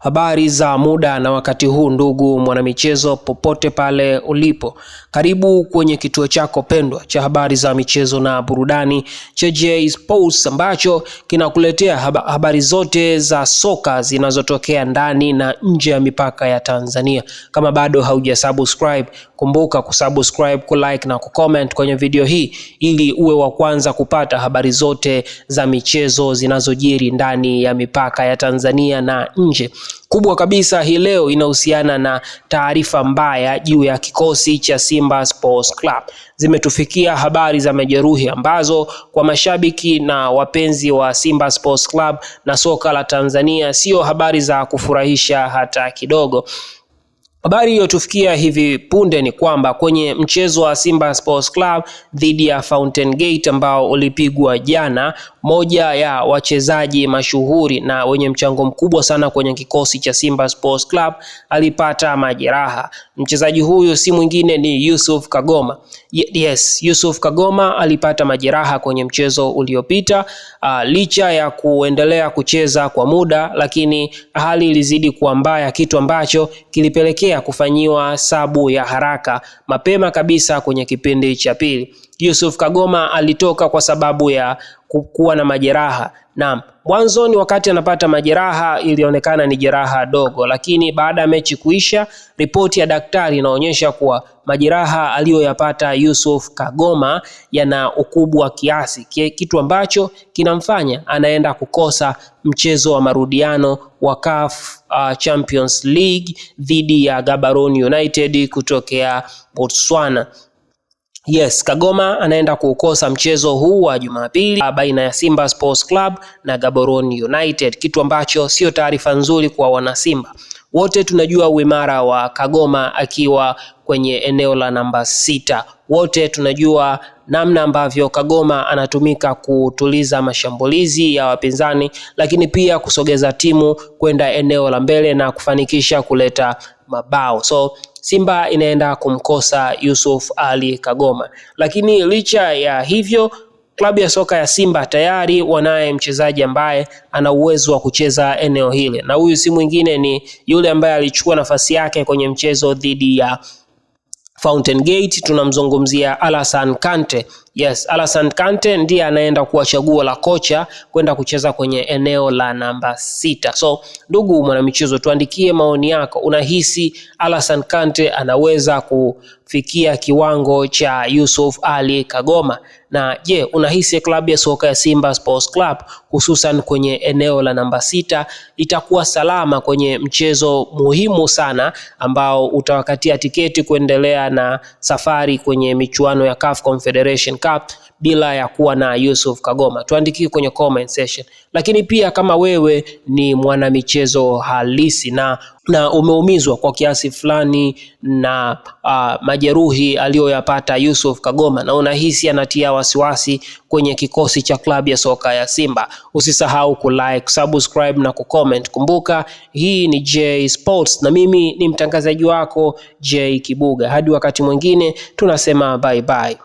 Habari za muda na wakati huu, ndugu mwanamichezo, popote pale ulipo, karibu kwenye kituo chako pendwa cha habari za michezo na burudani cha J Sports ambacho kinakuletea habari zote za soka zinazotokea ndani na nje ya mipaka ya Tanzania. Kama bado haujasubscribe, kumbuka kusubscribe, kulike na kucomment kwenye video hii ili uwe wa kwanza kupata habari zote za michezo zinazojiri ndani ya mipaka ya Tanzania na nje kubwa kabisa hii leo inahusiana na taarifa mbaya juu ya kikosi cha Simba Sports Club. Zimetufikia habari za majeruhi ambazo kwa mashabiki na wapenzi wa Simba Sports Club na soka la Tanzania sio habari za kufurahisha hata kidogo. Habari iliyotufikia hivi punde ni kwamba kwenye mchezo wa Simba Sports Club dhidi ya Fountain Gate ambao ulipigwa jana, moja ya wachezaji mashuhuri na wenye mchango mkubwa sana kwenye kikosi cha Simba Sports Club alipata majeraha. Mchezaji huyu si mwingine ni Yusuf Kagoma. Yes, Yusuf Kagoma alipata majeraha kwenye mchezo uliopita. Uh, licha ya kuendelea kucheza kwa muda, lakini hali ilizidi kuwa mbaya, kitu ambacho kilipelekea kufanyiwa sabu ya haraka mapema kabisa kwenye kipindi cha pili. Yusuf Kagoma alitoka kwa sababu ya kuwa na majeraha. Naam, mwanzoni wakati anapata majeraha ilionekana ni jeraha dogo, lakini baada ya mechi kuisha, ripoti ya daktari inaonyesha kuwa majeraha aliyoyapata Yusuf Kagoma yana ukubwa kiasi, kitu ambacho kinamfanya anaenda kukosa mchezo wa marudiano wa CAF uh, Champions League dhidi ya Gaborone United kutokea Botswana. Yes, Kagoma anaenda kuukosa mchezo huu wa Jumapili uh, baina ya Simba Sports Club na Gaborone United, kitu ambacho sio taarifa nzuri kwa wanasimba. Wote tunajua uimara wa Kagoma akiwa kwenye eneo la namba sita. Wote tunajua namna ambavyo Kagoma anatumika kutuliza mashambulizi ya wapinzani, lakini pia kusogeza timu kwenda eneo la mbele na kufanikisha kuleta mabao. So Simba inaenda kumkosa Yusuf Ali Kagoma, lakini licha ya hivyo klabu ya soka ya Simba tayari wanaye mchezaji ambaye ana uwezo wa kucheza eneo hili, na huyu si mwingine ni yule ambaye alichukua nafasi yake kwenye mchezo dhidi ya Fountain Gate. Tunamzungumzia Alasan Kante Yes, Alassane Kante ndiye anaenda kuwa chaguo la kocha kwenda kucheza kwenye eneo la namba sita. So ndugu mwanamichezo, tuandikie maoni yako, unahisi Alassane Kante anaweza kufikia kiwango cha Yusuf Ali Kagoma? Na je, unahisi klabu ya soka ya Simba Sports Club hususan kwenye eneo la namba sita itakuwa salama kwenye mchezo muhimu sana ambao utawakatia tiketi kuendelea na safari kwenye michuano ya CAF Confederation Cup bila ya kuwa na Yusuf Kagoma? Tuandikie kwenye comment section. Lakini pia kama wewe ni mwanamichezo halisi na, na umeumizwa kwa kiasi fulani na uh, majeruhi aliyoyapata Yusuf Kagoma na unahisi anatia wasiwasi kwenye kikosi cha klabu ya soka ya Simba, usisahau like, subscribe na comment. Kumbuka hii ni J Sports na mimi ni mtangazaji wako J Kibuga. Hadi wakati mwingine tunasema bye bye.